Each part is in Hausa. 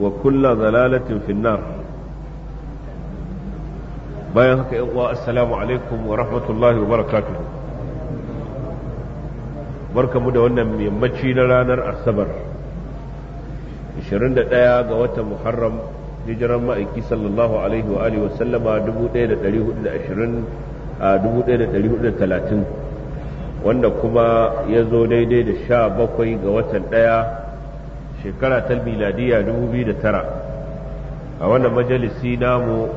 wa kulla zalalatin finnar bayan haka uwa assalamu alaikum wa rahmatullahi wa barakatuhu barkamu da wannan yammaci na ranar asabar 21 ga watan muharram hijiran ma'aiki sallallahu alaihi wa alihi wasallama 1430 wanda kuma ya zo daidai da 17 ga watan ɗaya. shekara ta miladiya 2009 a wannan majalisi namu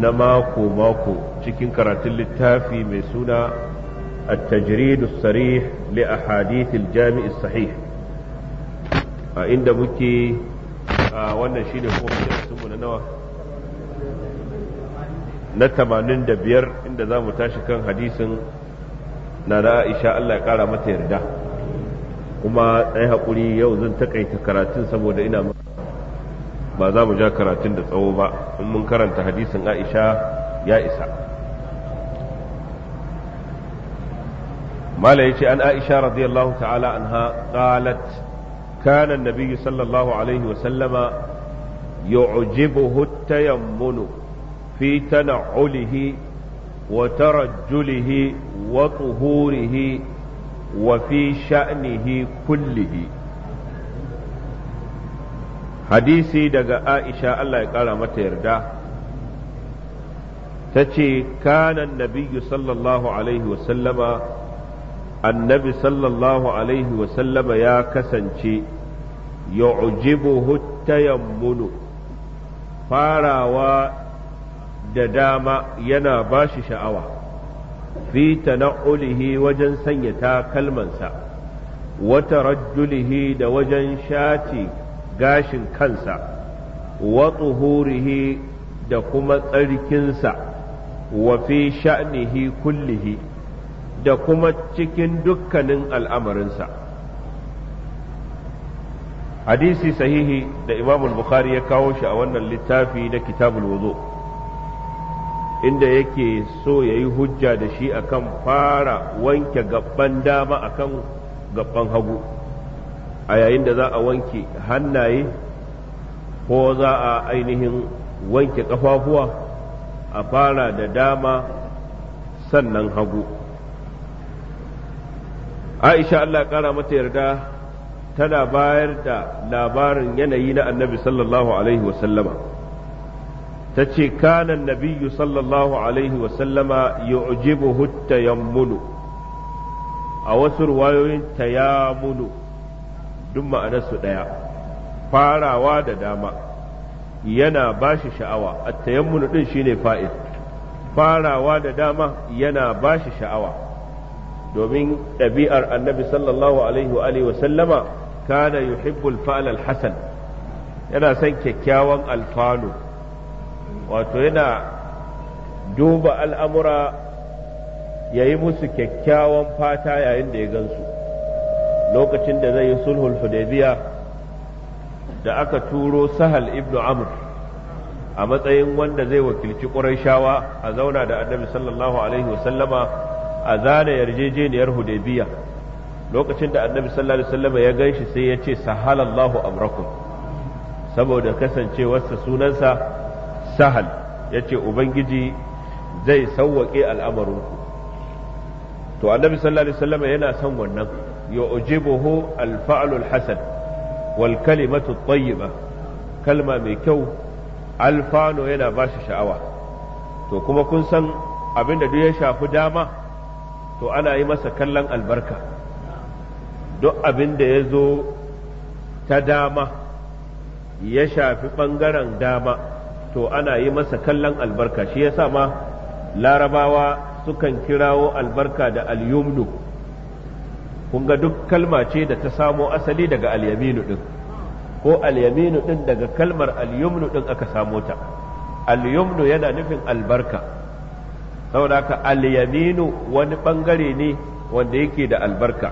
na mako-mako cikin karatun littafi mai suna التجريد الصريح لأحاديث a inda muke a wannan shine kuma majalisunmu na nawa na tamanin da biyar inda za mu tashi kan hadisin na da aisha Allah ya kara mata yarda kuma ɗaya haƙuri yau zan takaita karatun saboda ina ba za mu ja karatun da tsawo ba in mun karanta hadisin aisha ya isa mala ya ce an aisha radiyallahu ta'ala an qalat kana nabiyyu sallallahu alaihi wa sallama yu'jibuhu tayammunu fi tana'ulihi wa tarajjulihi wa tuhurihi wa fi sha'nihi kullihi hadisi daga aisha Allah ya kara mata yarda ta ce kanan nabiyyu sallallahu alaihi wasallama annabi sallallahu alaihi wasallama ya kasance yu'jibuhu tayammunu farawa da dama yana bashi sha'awa fi tana'ulihi wajen sanya takalmansa wata rajulihi da wajen shati gashin kansa wa tsuhurihi da kuma tsarkinsa wa fi sha'nihi kullihi da kuma cikin dukkanin al'amarinsa hadisi sahihi da imamul bukhari ya kawo shi a wannan littafi da kitabul wuzo. inda yake so ya yi hujja da shi akan fara wanke gabban dama akan gabban hagu a yayin da za a wanke hannaye ko za a ainihin wanke ƙafafuwa a fara da dama sannan hagu aisha allah ƙara mata yarda tana bayar da labarin yanayi na annabi sallallahu alaihi wasallama ta ce kanan nabiyyu sallallahu alaihi wasallama yu'jibuhu tayammulu a wasu ruwayoyin tayammulu duk ma'anarsu ɗaya farawa da dama yana ba sha'awa a tayammulu ɗin shine fa'id farawa da dama yana bashi sha'awa domin ɗabi'ar annabi sallallahu alaihi wa sallama kana yuhibbul fa'al al yana son kyakkyawan alfanu wato yana duba al'amura ya yi musu kyakkyawan fata yayin da ya gansu lokacin da zai yi sulhul hudaybiya da aka turo sahal ibnu amr a matsayin wanda zai wakilci shawa a zauna da annabi sallallahu alaihi wasallama a zana yarjejeniyar hudaybiya lokacin da annabi sallallahu alaihi wasallama ya ganshi sai ya ce sahalallahu amrakum saboda kasancewarsa sunansa sahal ya ce ubangiji zai sauwaƙe al'amarinku to annabi sallallahu alaihi wasallam yana son wannan yu'jibuhu al-fa'lu hasan wal kalimatu tayyiba kalma mai kyau alfano yana ba shi sha'awa to kuma kun san abin da duk ya shafi dama to ana yi masa kallon albarka duk abin da ya zo ta dama ya shafi ɓangaren dama to ana yi masa kallon albarka shi yasa ma larabawa sukan kirawo albarka da alyumnu kun ga duk kalma ce da ta samo asali daga alyaminu din ko alyaminu din daga kalmar alyumnu din aka samo ta alyumnu yana nufin albarka saboda haka alyaminu wani bangare ne wanda yake da albarka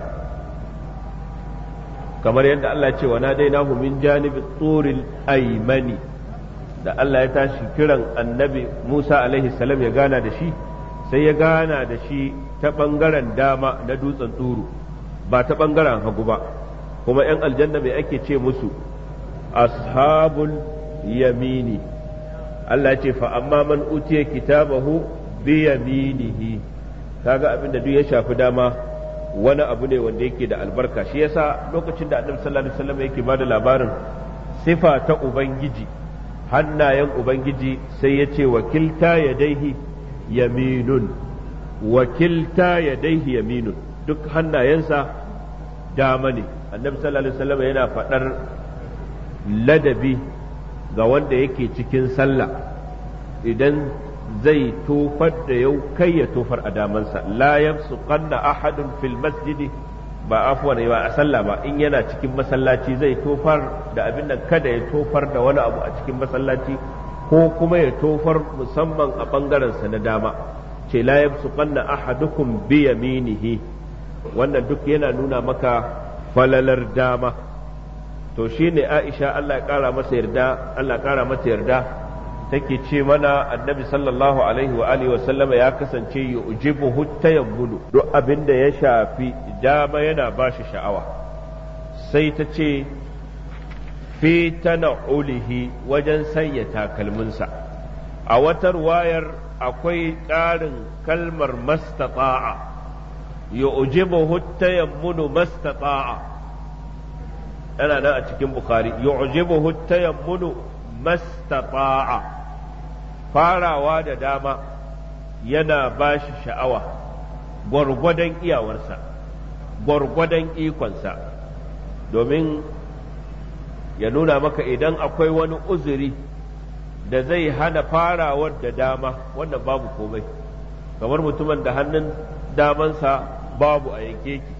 kamar yadda Allah ce wa nadainahu min janibi turil aymani da Allah ya tashi kiran annabi Musa alaihi salam ya gana da shi sai ya gana da shi ta ɓangaren dama na dutsen turu ba ta ɓangaren hagu ba kuma 'yan aljanna mai ake ce musu ashabul yamini Allah ya ce fa amma man utiya kitabahu bi yaminihi kaga abin da duk ya shafi dama wani abu ne wanda yake da albarka shi yasa lokacin da annabi sallallahu alaihi wasallam yake bada labarin sifa ta ubangiji hannayen ubangiji sai ya ce wakilta ya daihi yaminun wakilta ya daihi yaminun duk hannayensa dama ne annabi sallallahu alaihi wasallam yana faɗar ladabi ga wanda yake cikin sallah idan zai tofar da yau kai ya tofar a damansa la yamsuqanna ahadun fil masjidi ba afuwar ba a sallah ba in yana cikin masallaci zai tofar da abin da kada ya tofar da wani abu a cikin masallaci ko kuma ya tofar musamman a bangaren sa na dama ce la yabsuqanna ahadukum bi yaminihi wannan duk yana nuna maka falalar dama to shine Aisha Allah ya kara masa yarda Allah ya kara mata yarda take ce mana annabi sallallahu alaihi wa alihi sallama ya kasance ya ujibu huttayan bulu duk abin da ya shafi dama yana ba shi sha'awa sai ta ce fi tana'ulihi wajen sanya takalminsa a watar wayar akwai ƙarin kalmar mastata'a ya ujibu huttayan bulu mastata'a yana nan a cikin bukari ya ujibu huttayan bulu mastata'a farawa da dama yana ba shi sha'awa gwargwadon iyawarsa gwargwadon ikonsa domin ya nuna maka idan akwai wani uzuri da zai hana farawar da dama wannan babu komai kamar mutumin da hannun damansa babu a yanke ki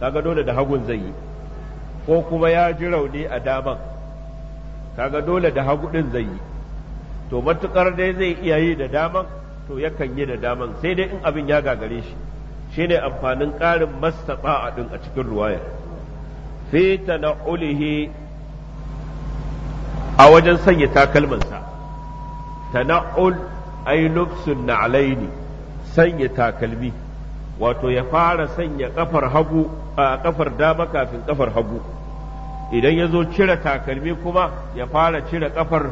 kaga dole da hagun zai yi ko kuma ya ji rauni a daman kaga dole da hagu din zai yi to matuƙar dai zai iya yi da daman to yakan yi da daman sai dai in abin ya gagare shi shine amfanin ƙarin mastaɓa a ɗin a cikin ruwaya fi ulihi a wajen sanya takalmansa ul ay na alaini sanya takalmi wato ya fara sanya kafar hagu a kafar dama kafin kafar hagu idan ya zo cire takalmi kuma ya fara cire kafar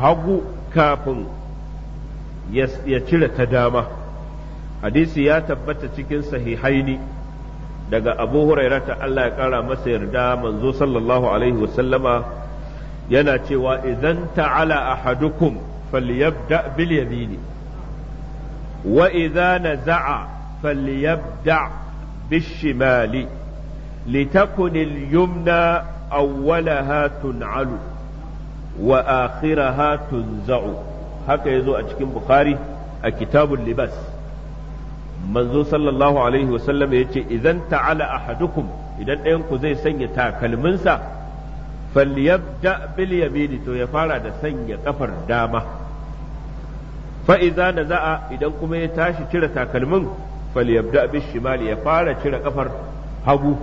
hagu kafin ya cire ta dama hadisi ya tabbata cikin sahihaini daga abu hurairata Allah ya kara masa yarda manzo sallallahu alaihi wasallama yana cewa idan ta'ala ahadukum falyabda bil yamini wa idza naza'a falyabda bish shimali litakun al yumna awwalaha tun'alu wa akhiraha tunza'u haka zo a cikin bukhari a kitabul libas manzo sallallahu alaihi wasallam yace idan ta'ala ahadukum idan ɗayan ku zai sanya takalminsa falyabda bil yamini to ya fara da sanya ƙafar dama Fa'iza da za'a idan kuma ya tashi cire takalmin falyabda bis shimali ya fara cire ƙafar hagu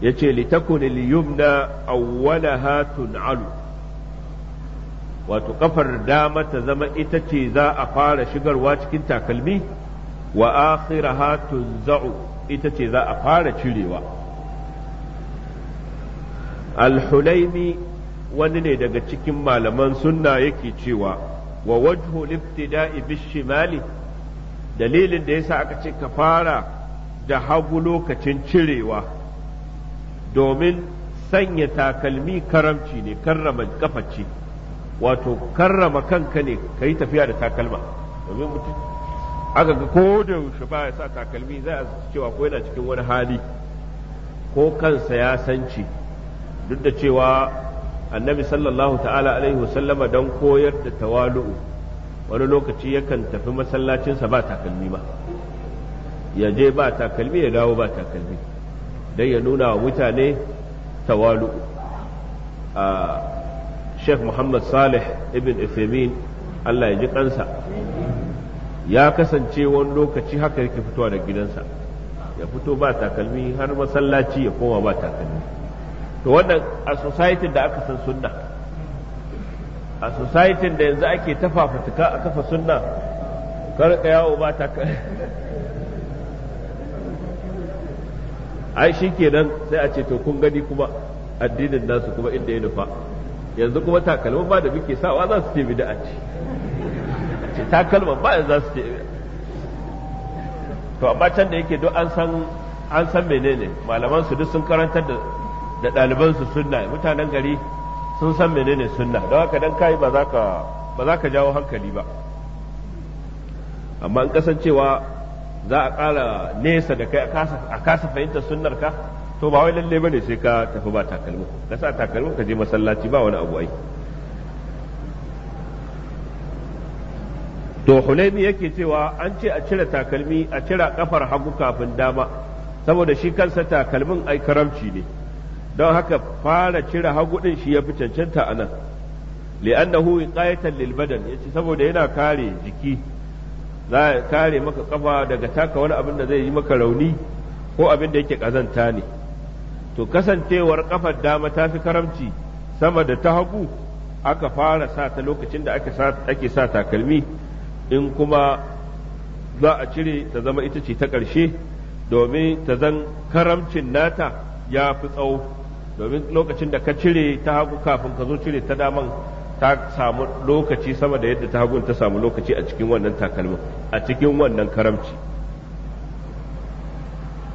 yace litakun al yumna awwalaha tun'alu wato kafar dama ta zama ita ce za a fara shigarwa cikin takalmi wa akhiraha tunza'u ita ce za a fara cirewa al-hulaimi wani ne daga cikin malaman sunna yake cewa wa wajhu libtida'i bishimali dalilin da yasa aka ce ka fara da hagu lokacin cirewa domin sanya takalmi karamci ne karrama ce. wato karrama kanka ne ka yi tafiya da takalma domin mutum aka ga ko da yaushe ba ya sa takalmi za a cewa ko yana cikin wani hali ko kansa ya sanci duk da cewa annabi sallallahu ta'ala alaihi wasallama don koyar da tawalu'u wani lokaci yakan tafi masallacinsa ba takalmi ba ya je ba takalmi ya dawo ba takalmi don ya nuna wa mutane tawalu'u ah, Sheikh Muhammad Salih ibn Uthaymeen Allah ya ji kansa ya kasance wani lokaci haka yake fitowa da gidansa ya fito ba takalmi har masallaci ya koma ba takalmi to wannan a society da aka san sunna a society da yanzu ake tafafutuka a kafa sunna karka yawo ba takalmi ai shi kenan sai a ce to kun gani kuma addinin nasu kuma inda ya nufa yanzu kuma takalma ba da muke sawa za su ce bid'a ce ce takalma ba za su ce to amma can da yake duk an san an san menene malaman su duk sun karantar da da ɗaliban su sunna mutanen gari sun san menene sunna don haka dan kai ba za ka ba za ka jawo hankali ba amma in kasancewa za a ƙara nesa da kai a kasa fahimtar sunnar ka to ba wai lalle bane sai ka tafi ba takalmi ka sa takalmi ka je masallaci ba wani abu ai to hulaimi yake cewa an ce a cire takalmi a cire kafar hagu kafin dama saboda shi kansa takalmin ai karamci ne don haka fara cire hagu din shi ya fi cancanta a nan li'annahu wiqayatan lil badan yace saboda yana kare jiki za kare maka kafa daga taka wani abin da zai yi maka rauni ko abin da yake kazanta ne to kasancewar kafar dama ta fi karamci sama da ta hagu aka fara sa ta lokacin da ake sa takalmi in kuma za a cire ta zama ita ce ta ƙarshe domin ta zan karamcin nata ya fi tsawo domin lokacin da ka cire ta hagu kafin ka zo cire ta daman ta samu lokaci sama da yadda ta hagun ta samu lokaci a cikin wannan takalmin a cikin wannan karamci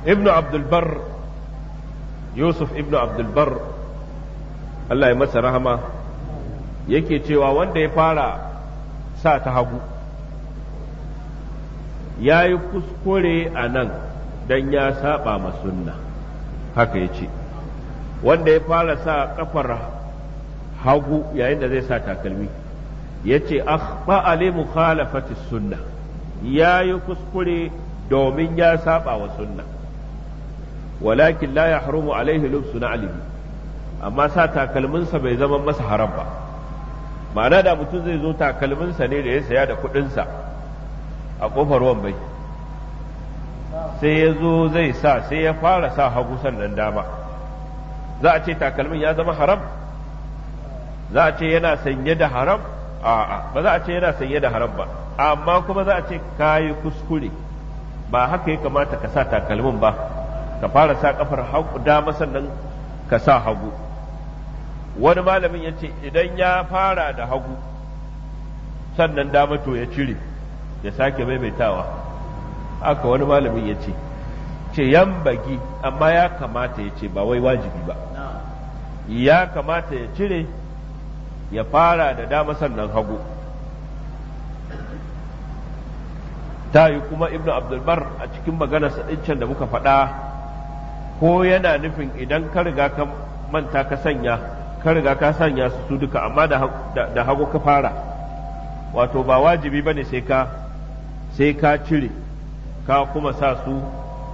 ibnu abdulbar yusuf ibnu abdulbar allah ya masa rahama yake cewa wanda ya fara sa ta hagu ya yi kuskure a nan don ya saba ma sunna haka ya ce wanda ya fara sa kafar hagu yayin da zai sa takalmi ya ce akhba ali mukhalafati sunna ya yi kuskure domin ya saba wa sunna walakin la yahrumu alaihi lubsu alibi amma sa takalminsa bai zama masa haram ba ma'ana da mutum zai zo takalminsa ne da ya saya da kuɗinsa a kofar wambai sai ya zo zai sa sai ya fara sa hagu sannan dama za a ce takalmin ya zama haram za a ce yana sanye da haram a'a ba za a ce yana sanye da haram ba amma kuma za a ce kayi kuskure ba haka ya kamata ka sa takalmin ba ka fara sa kafar dama sannan ka sa hagu wani malamin ya ce idan ya fara da hagu sannan dama to ya cire ya sake maimaitawa haka wani malamin ya ce ce yan bagi amma ya kamata ya ce ba wai wajibi ba ya kamata ya cire ya fara da dama sannan hagu ta yi kuma ibnu abdulbar a cikin maganarsa ɗincan da muka faɗa ko yana nufin idan ka riga ka manta ka sanya ka riga ka sanya su duka amma da hagu ka fara wato ba wajibi ba ne sai ka cire ka kuma sa su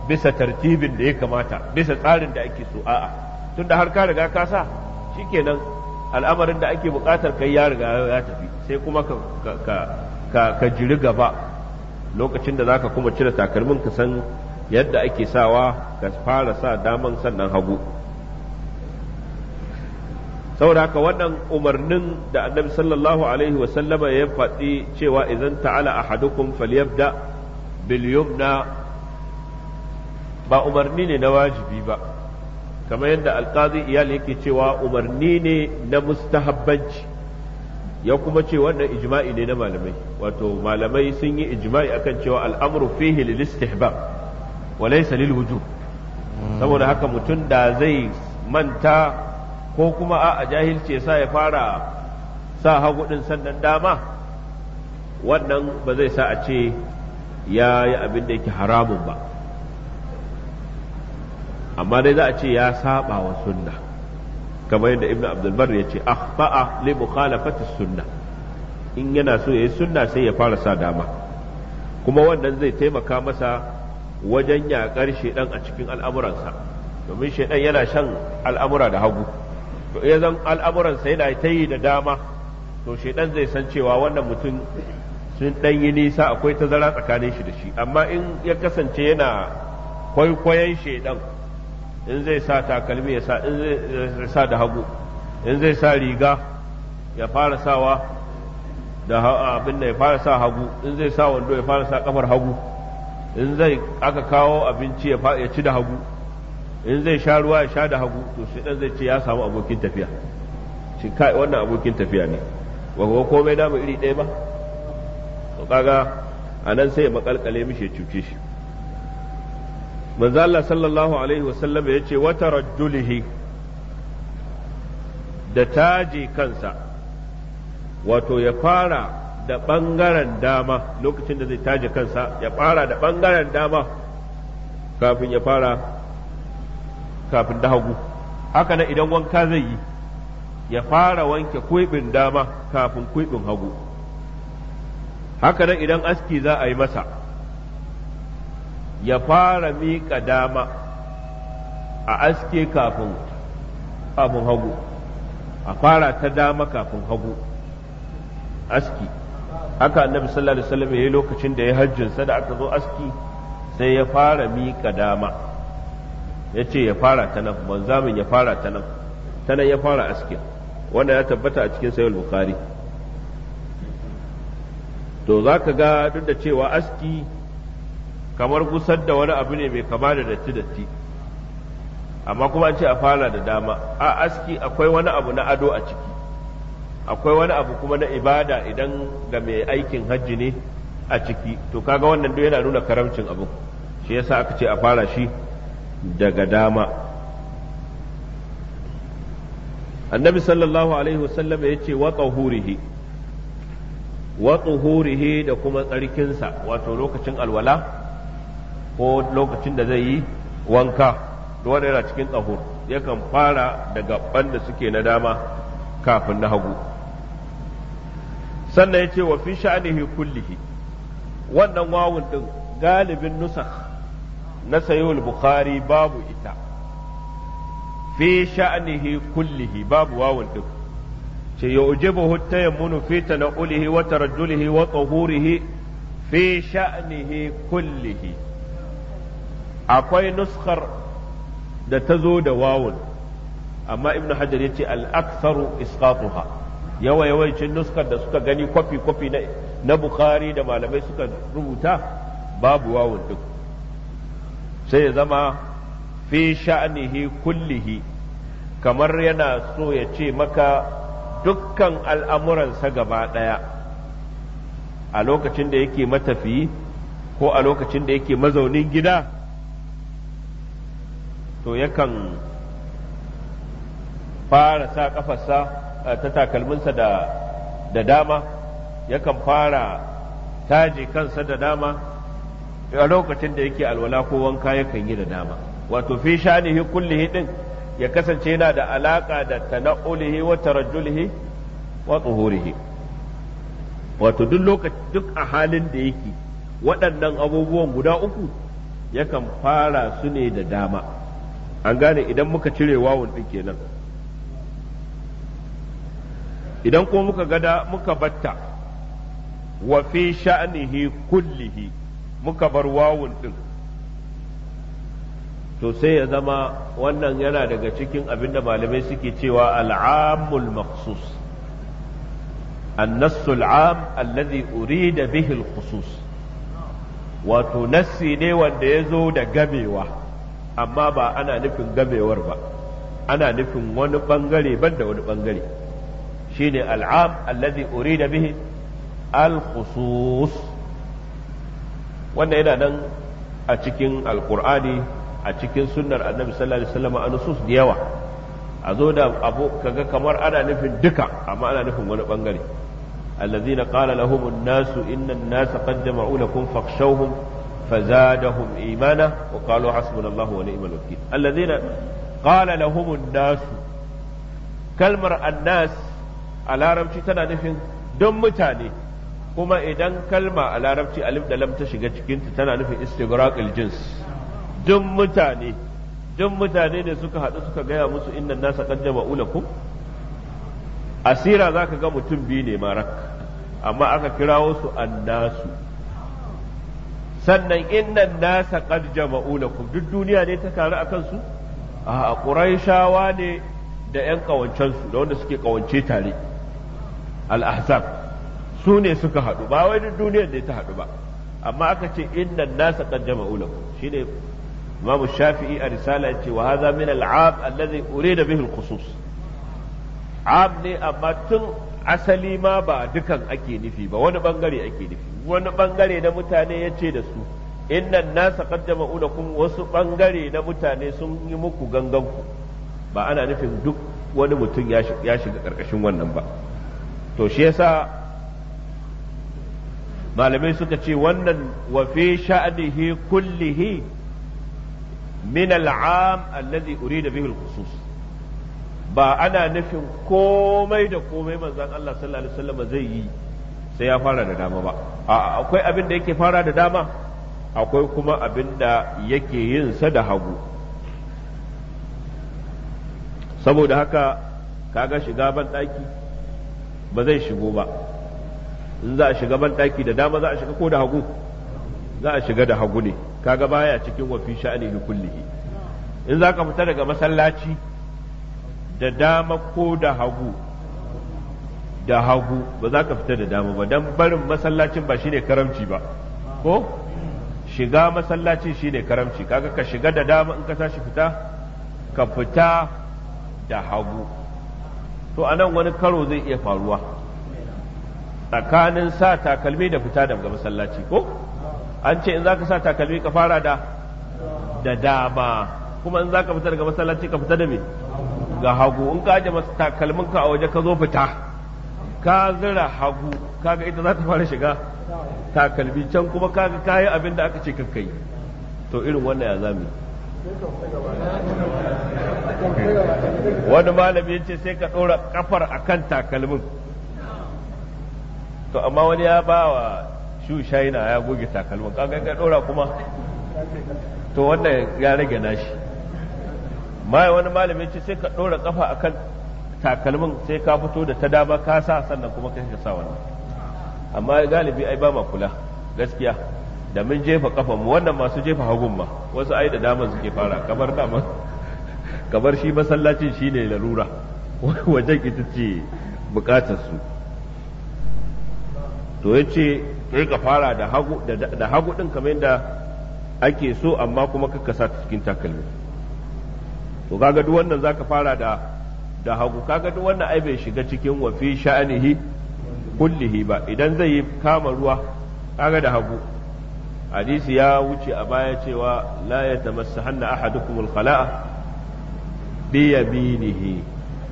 bisa tartibin da ya kamata bisa tsarin da ake so a'a tunda har ka riga ka sa shikenan al'amarin da ake buƙatar kai ya riga ya tafi sai kuma ka ka ka jiri gaba lokacin da za ka kuma cire takalmin ka san yadda ake sawa ka fara sa daman sannan hagu saboda haka wannan umarnin da annabi sallallahu alaihi wasallama ya faɗi cewa idan ta'ala ahadukum falyabda bil yumna ba umarni ne na wajibi ba kamar yadda alqazi iyali yake cewa umarni ne na mustahabbanci ya kuma ce wannan ijma'i ne na malamai wato malamai sun yi ijma'i akan cewa al'amru fihi lil istihbab wa laysa lil wujub saboda haka mutum da zai manta ko kuma a jahilce sa ya fara sa hagu ɗin sannan dama wannan ba zai sa a ce ya yi abin da yake haramun ba amma dai za a ce ya saba wa sunna kamar yadda Ibn abdulbar ya ce a akhfa'a li mukhalafati sunna in yana so ya yi sunna sai ya fara sa dama kuma wannan zai taimaka masa wajen yaƙar shaidan a cikin al'amuransa domin shaidan yana shan al'amura da hagu to iya zan al'amuransa yana ta yi da dama to shaidan zai san cewa wannan mutum sun ɗan yi nisa akwai tazara tsakanin shi da shi amma in ya kasance yana kwaikwayon shaidan in zai sa takalmi ya in zai sa da hagu in zai sa riga ya fara sawa da abin da ya fara sa hagu in zai sa wando ya fara sa kafar hagu in zai aka kawo abinci ya ci da hagu in zai sha ruwa ya sha da hagu to shi dan zai ce ya samu abokin tafiya shi kai wannan abokin tafiya ne ba kuma komai mu iri ɗaya ba to kaga anan nan sai ya makalkale mishi ya cuce shi manzo Allah sallallahu alaihi wasallam ya ce wata rajulihi da taji kansa wato ya fara da ɓangaren dama lokacin da zai taje kansa ya fara da ɓangaren dama kafin ya fara kafin da hagu haka nan idan wanka zai yi ya fara wanke kuibin dama kafin kuibin hagu haka nan idan aski za a yi masa ya fara miƙa dama a aske kafin hagu a fara ta dama kafin hagu aski haka annabi sallallahu alaihi wasallam yayi lokacin da ya hajjin sa da aka zo aski sai ya fara miƙa dama ya ce ya fara ta nan manzamin ya fara ta nan ta nan ya fara aski wanda ya tabbata a cikin sayar bukari to za ka ga duk da cewa aski kamar gusar da wani abu ne mai kama da datti datti amma kuma an ce a fara da dama a aski akwai wani abu na ado a ciki akwai wani abu kuma na ibada idan ga mai aikin hajji ne a ciki to kaga wannan duk yana nuna karamcin abu shi yasa aka ce a fara shi daga dama annabi sallallahu alaihi wasallam ya ce wa tahurihi da kuma tsarkinsa wato lokacin alwala ko lokacin da zai yi wanka wanda yana cikin tsahur yakan fara da gaban da suke na dama kafin na hagu sannan ya ce wa fi sha'nihi kullihi wannan wawun din galibin nusakh na sayyul bukhari babu ita fi sha'nihi kullihi babu wawun din ce yujibuhu tayammunu fi tanawulihi wa tarajjulihi wa tahurihi fi sha'nihi kullihi akwai nuskar da ta zo da wawun amma ibnu hajar yace al-aktharu isqatuha yawa yawancin nuskar da suka gani kwafi kwafi na bukhari da malamai suka rubuta babu wawun duk sai ya zama fi sha'nihi kullihi kamar yana so ya ce maka dukkan al'amuransa gaba ɗaya a lokacin da yake matafiyi ko a lokacin da yake mazaunin gida to yakan fara sa ƙafarsa ta takalminsa da dama yakan fara taje kansa da dama a lokacin da yake alwala ko wanka yakan yi da dama wato fi shanihi kullihi din ya kasance yana da alaka da tana'ulihi wa tarajjulihi wa tsuhurihi wato duk lokaci duk a halin da yake waɗannan abubuwan guda uku yakan fara su ne da dama an gane idan muka cire wawon din kenan idan ko muka gada muka batta wa fi sha'nihi kullihi muka bar wawun din to sai ya zama wannan yana daga cikin abin da malamai suke cewa al'amul maqsus annasu al'am alladhi urida bihi al-khusus wato nassi ne wanda ya zo da gamewa amma ba ana nufin gamewar ba ana nufin wani bangare ba da wani bangare shine al'am allazi da bihi al-khusus wanda yana nan a cikin alkur'ani a cikin sunnar annabi sallallahu alaihi wasallam a nusus da yawa a zo da abu kaga kamar ana nufin duka amma ana nufin wani bangare allazina qala lahum an-nasu inna an-nasa qad jama'u lakum fakhshawhum fazadahum imana wa qalu hasbunallahu wa ni'mal wakeel allazina qala lahum an-nasu kalmar an a larabci tana nufin don mutane kuma idan kalma a larabci alif da lam ta shiga cikinta tana nufin istigraqil jins don mutane don mutane ne suka haɗu suka gaya musu inna nasa qad jama'u lakum asira zaka ga mutum biyu ne marak amma aka kirawo su annasu sannan inna nasa qad jama'u duk duniya ne ta taru akan su a quraishawa ne da yan kawancansu da wanda suke kawance tare al su ne suka haɗu ba wai duk duniyar da ta haɗu ba amma aka ce inda nasa qad jama'u shi ne mamu shafi'i a risala ya ce wa hadha min al-aab urida bihi al-khusus ab ne amma tun asali ma ba dukan ake nufi ba wani bangare ake nufi wani bangare na mutane ya ce da su innan nasa qaddama ulakum wasu bangare na mutane sun yi muku gangan ku ba ana nufin duk wani mutum ya shiga karkashin wannan ba to shi yasa malamai suka ce wannan wa fi sha'nihi kullihi min al'am alladhi urida bihi al-khusus ba ana nufin komai da komai manzon Allah sallallahu alaihi wasallam zai yi sai ya fara da dama ba a akwai abin da yake fara da dama akwai kuma abin da yake yin sa da hagu saboda haka kaga shiga ban daki ba zai shigo ba in za a shiga ban daki da dama za a shiga ko da hagu za a shiga da hagu ne kaga baya cikin wafi sha'ani li kullihi in za ka fita daga masallaci da dama ko da hagu da hagu ba za ka fita da dama ba dan barin masallacin ba shine karamci ba ko shiga masallacin shine karamci kaga ka shiga da dama in ka tashi fita ka fita da hagu to a nan wani karo zai iya faruwa tsakanin sa takalmi da fita daga masallaci ko an ce in za ka sa takalmi ka fara da da dama kuma in za ka fita daga masallaci ka fita da me ga hagu in ka aje takalmin ka a waje ka zo fita ka zira hagu kaga ita za ta fara shiga takalmi can kuma kaga kayi abin da aka ce kai to irin wannan ya zami wani malami ya ce sai ka ɗora ƙafar a kan takalmin to amma wani ya ba wa shu shaina ya goge takalmin kan ka ɗora kuma to wannan ya rage nashi mai wani malami ya ce sai ka ɗora ƙafa a kan takalmin sai ka fito da ta dama ka sa sannan kuma ka sa wannan amma galibi ai ba ma kula gaskiya da mun jefa kafan mu wannan masu jefa hagun ma wasu ai da dama suke fara kamar dama kamar shi masallacin shine larura wajen ita ce bukatar su to yace ka fara da hagu da hagu din kamar yadda ake so amma kuma ka sa cikin takalmi to kaga duk wannan zaka fara da da hagu kaga duk wannan ai bai shiga cikin wa fi sha'anihi kullihi ba idan zai yi kama ruwa kaga da hagu hadisi ya wuce a baya cewa la ya tamassahanna ahadukum al-khala'a bi yaminihi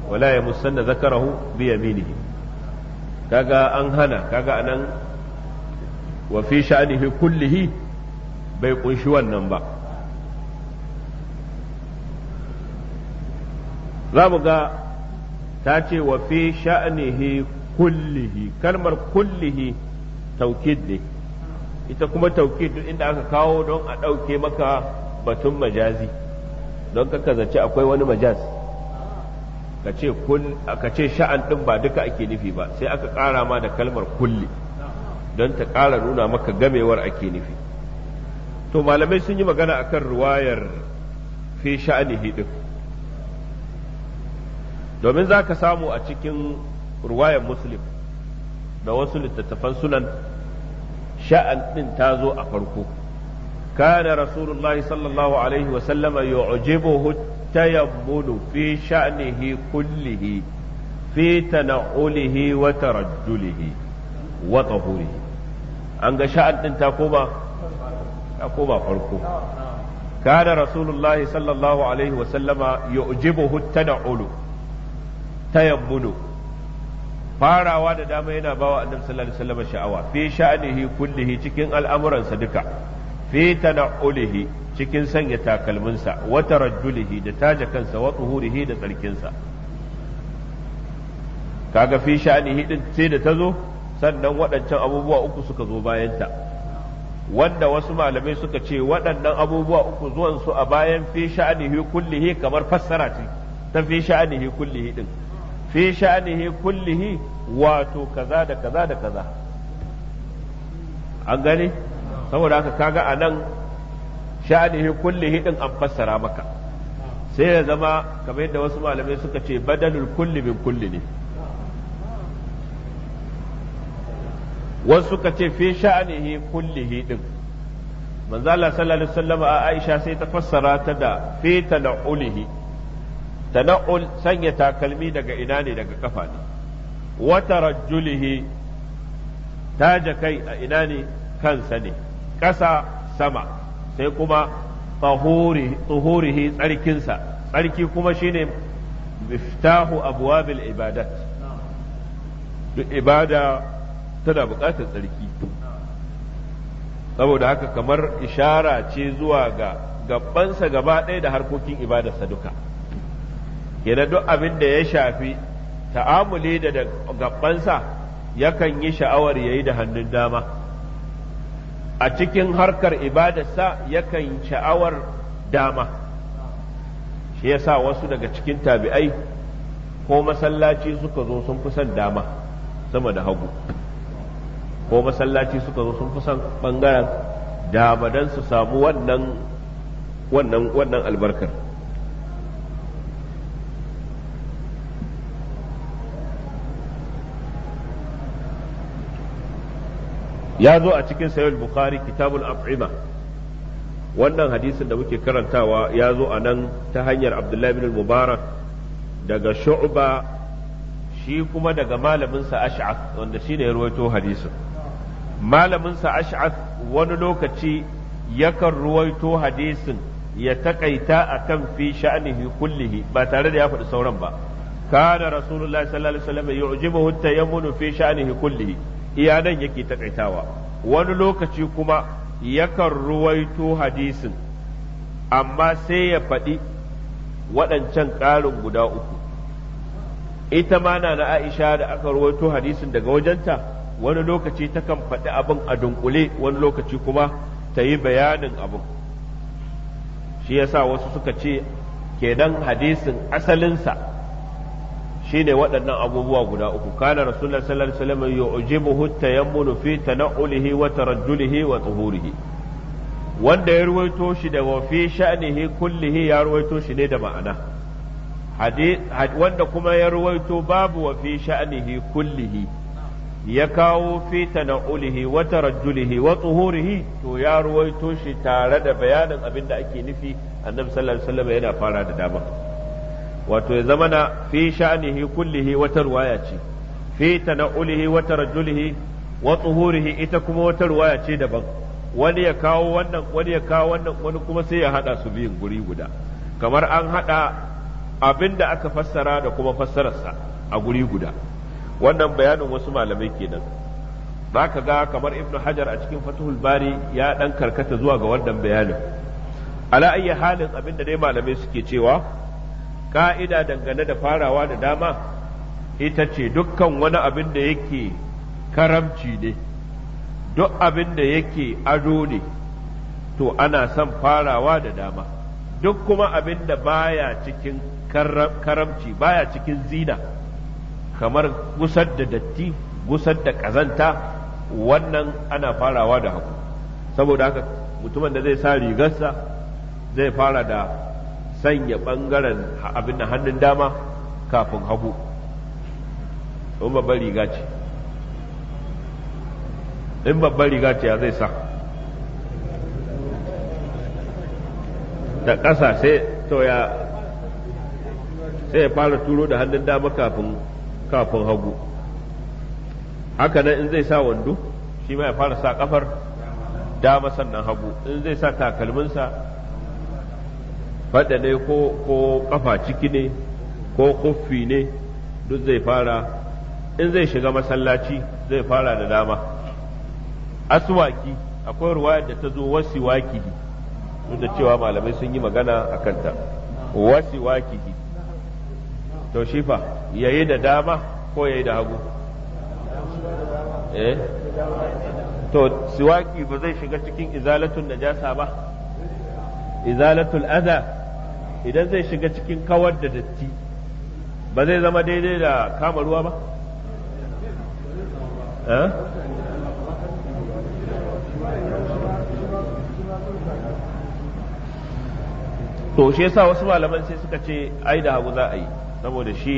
wa la yamassanna zakarahu bi yaminihi kaga an hana kaga anan wa fi sha'nihi kullihi bai kunshi wannan ba za mu ga ta ce wa fi sha'nihi kullihi kalmar kullihi taukid ne ita kuma tauki duk inda aka kawo don a ɗauke maka batun majazi don ka zace akwai wani majaz ka ce sha'an din ba duka ake nufi ba sai aka ƙara ma da kalmar kulli don ta ƙara nuna maka gamewar ake nufi to malamai sun yi magana akan ruwayar fi sha'anihi din domin za ka samu a cikin ruwayar muslim da wasu littattafan sunan sha'an ɗin ta zo a farko kana rasulullahi sallallahu alaihi wa sallama ga sha'an kana rasulullahi sallallahu alaihi farawa da dama yana bawa annabi sallallahu alaihi wasallam sha'awa fi sha'nihi kullihi cikin al'amuransa duka fi tana'ulihi cikin sanya takalminsa wa tarajjulihi da taja kansa wa tuhurihi da tsarkinsa kaga fi sha'nihi din sai da tazo sannan waɗancan abubuwa uku suka zo bayanta wanda wasu malamai suka ce waɗannan abubuwa uku zuwan su a bayan fi sha'nihi kullihi kamar fassara ce ta fi sha'nihi kullihi din fi sha'nihi kullihi wato kaza da kaza da kaza an gani saboda haka kaga a nan sha'nihi kullihi din an fassara maka sai ya zama kamar yadda wasu malamai suka ce badalul kulli min kulli ne wasu suka ce fi sha'nihi kullihi din manzo Allah sallallahu alaihi wasallam a Aisha sai ta fassara ta da fi tal'ulihi tana'ul sanya takalmi daga ina ne daga kafa ne wata rajulihi taja kai a ina ne kansa ne ƙasa sama sai kuma tsohurihi tsarkinsa tsarki kuma shine miftahu abwabil ibadat duk ibada tana buƙatar tsarki saboda haka kamar ishara ce zuwa ga gabansa gaba ɗaya da harkokin ibadarsa duka kenan duk abin da ya shafi ta'amuli da gabansa yakan yi sha'awar yayi da hannun dama a cikin harkar ibadarsa yakan yi sha'awar dama shi yasa wasu daga cikin tabi'ai ko masallaci suka zo sun fi son dama sama da hagu ko masallaci suka zo sun fi son bangaren dama don su samu wannan albarkar ya zo a cikin sayar bukhari kitabul af'ima wannan hadisin da muke karantawa ya zo a nan ta hanyar abdullahi bin mubarak daga shu'ba shi kuma daga malaminsa ash'ath wanda shi ne ya ruwaito hadisin malaminsa ash'ath wani lokaci yakan ruwaito hadisin ya takaita akan fi sha'nihi kullihi ba tare da ya faɗi sauran ba kana rasulullahi sallallahu alaihi wasallam yu'jibuhu at-tayammunu fi sha'nihi kullihi iya nan yake takaitawa wani lokaci kuma yakan ruwaito hadisin amma sai ya faɗi waɗancan ƙarin guda uku ita ma na Aisha da aka ruwaito hadisin daga wajenta wani lokaci takan faɗi abin a dunkule wani lokaci kuma ta yi bayanin abin shi yasa wasu suka ce kenan hadisin asalinsa shine waɗannan abubuwa guda uku kana rasulullahi sallallahu alaihi wasallam yu'jibuhu tayammunu fi tana'ulihi wa taraddulihi wa tuhurihi wanda ya ruwaito shi da fi sha'nihi kullihi ya ruwaito shi ne da ma'ana wanda kuma ya ruwaito babu wa fi sha'nihi kullihi ya kawo fi tana'ulihi wa tarajjulihi wa tuhurihi to ya ruwaito shi tare da bayanin abin da ake nufi annabi sallallahu alaihi wasallam yana fara da dama wato ya zama na fi sha'nihi kullihi wata ruwaya ce fi tana'ulihi wata rajulihi wa tsuhurihi ita kuma wata ruwaya ce daban wani ya kawo wannan wani ya kawo wannan wani kuma sai ya hada su biyun guri guda kamar an hada abin da aka fassara da kuma fassararsa a guri guda wannan bayanin wasu malamai kenan za ka ga kamar ibn hajar a cikin fatuhul bari ya dan karkata zuwa ga wannan bayanin ala ayyi halin abin da dai malamai suke cewa ka'ida dangane da farawa da dama ita ce dukkan wani abin da yake karamci ne duk abin da yake ado ne to ana son farawa da dama duk kuma abin da baya cikin karamci baya cikin zina kamar gusar da datti gusar da kazanta wannan ana farawa da haku saboda haka mutumin da zai sa rigarsa zai fara da sanya ɓangaren abin da hannun dama kafin hagu in babban riga ce in babban riga ce ya zai sa da ƙasa sai to ya sai ya fara turo da hannun dama kafin kafin hagu haka nan in zai sa wando shi ma ya fara sa kafar dama sannan hagu in zai sa takalminsa faɗa ne ko ko kafa ciki ne ko kuffi ne duk zai fara in zai shiga masallaci zai fara da dama aswaki akwai ruwayar da ta zo wasi wakihi duk da cewa malamai sun yi magana a kanta wasi wakihi to shi fa yayi da dama ko yayi da hagu eh to siwaki ba zai shiga cikin izalatul najasa ba izalatul adha idan zai shiga cikin kawar da datti ba zai zama daidai da kama ruwa ba eh? to shi yasa wasu malaman sai suka ce ai da hagu za a yi saboda shi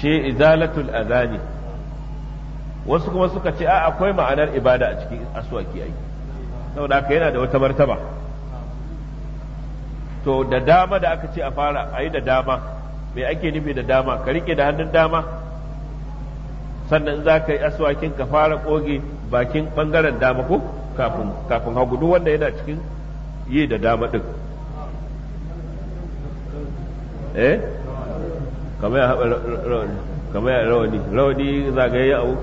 shi izalatul azani wasu kuma suka ce a akwai ma'anar ibada a cikin aswaki ai saboda haka yana da wata martaba to da dama da aka ce a fara a yi da dama me ake nufi da dama ka rike da hannun dama sannan za ka yi aswakin ka fara koge bakin bangaren dama ko kafin hagu duk wanda yana cikin yi da dama ɗin. eh kamar rawani rawani zagaye abu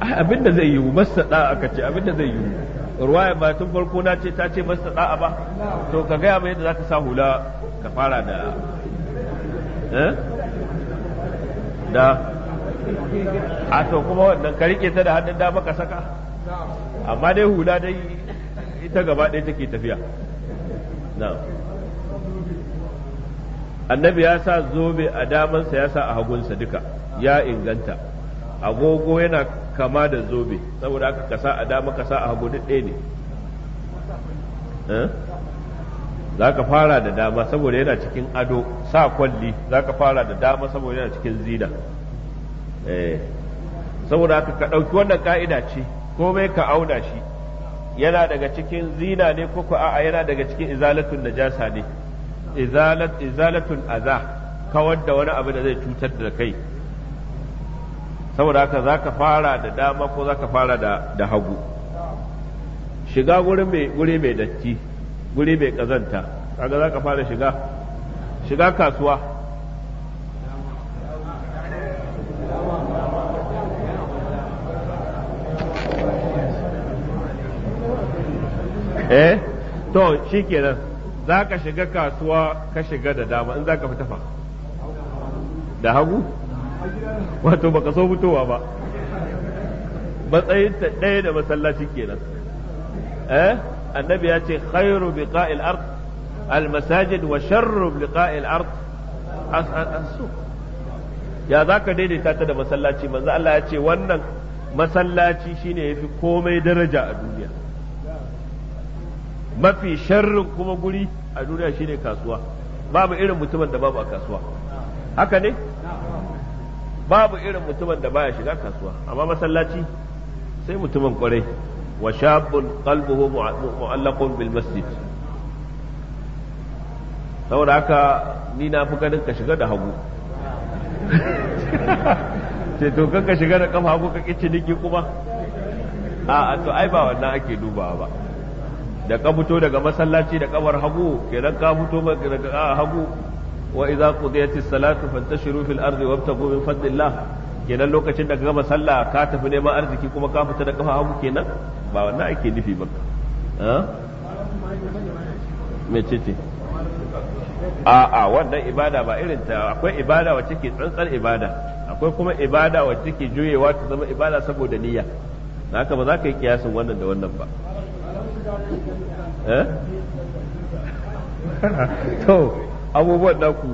abinda zai yiwu masa da'a aka ce abinda zai yiwu ruwaya ba tun farko na ce ta ce masa da'a ba to ka gaya mai yadda zaka sa hula ka fara da eh da a to kuma wannan ka rike ta da hannun dama ka saka amma dai hula dai ita gaba ɗaya take tafiya na'am annabi ya sa zobe a damansa ya sa a hagunsa duka ya inganta agogo yana kama da zobe saboda haka kasa a dama kasa a hagu duk ɗaya ne eh? za ka fara da dama saboda yana cikin ado sa kwalli za ka fara da dama saboda yana cikin zina eh. saboda haka ka ɗauki wannan ka'ida ce komai ka auna shi yana daga cikin zina ne ko ko a'a yana daga cikin izalatun najasa ne izalatun aza kawar da wani abu da zai cutar da kai saboda haka za ka fara da dama ko za ka fara da hagu shiga guri mai datti guri mai kazanta kaga za ka fara shiga shiga kasuwa eh to shi kenan za ka shiga kasuwa ka shiga da dama in za ka fita fa da hagu wato baka so fitowa ba matsayinta ɗaya da masallaci kenan eh annabi ya ce khairu biqa'il ard al masajid wa sharru biqa'il ard as ya zaka daidaita ta da masallaci manzo Allah ya ce wannan masallaci shine yafi komai daraja a duniya mafi sharrin kuma guri a duniya shine kasuwa babu irin mutumin da babu a kasuwa haka ne babu irin mutumin da baya shiga kasuwa amma masallaci sai mutumin kwarai wa shabbun qalbuhu mu'allaqun bil masjid saboda haka ni na fi ganin ka shiga da hagu ce to kan ka shiga da kafa hagu ka kici niki kuma a to ai ba wannan ake dubawa ba da ka fito daga masallaci da kabar hagu kenan ka fito daga hagu وإذا قضيت الصلاة فانتشروا في الأرض وابتغوا من فضل الله kenan lokacin da gama sallah ka tafi neman arziki kuma ka fita da kafa hagu kenan ba wannan ake nufi ba mece ce a a wannan ibada ba irin ta akwai ibada wacce ke tsantsar ibada akwai kuma ibada wacce ke juyewa ta zama ibada saboda niyya haka ba za ka yi kiyasin wannan da wannan ba eh? to abubuwan da ku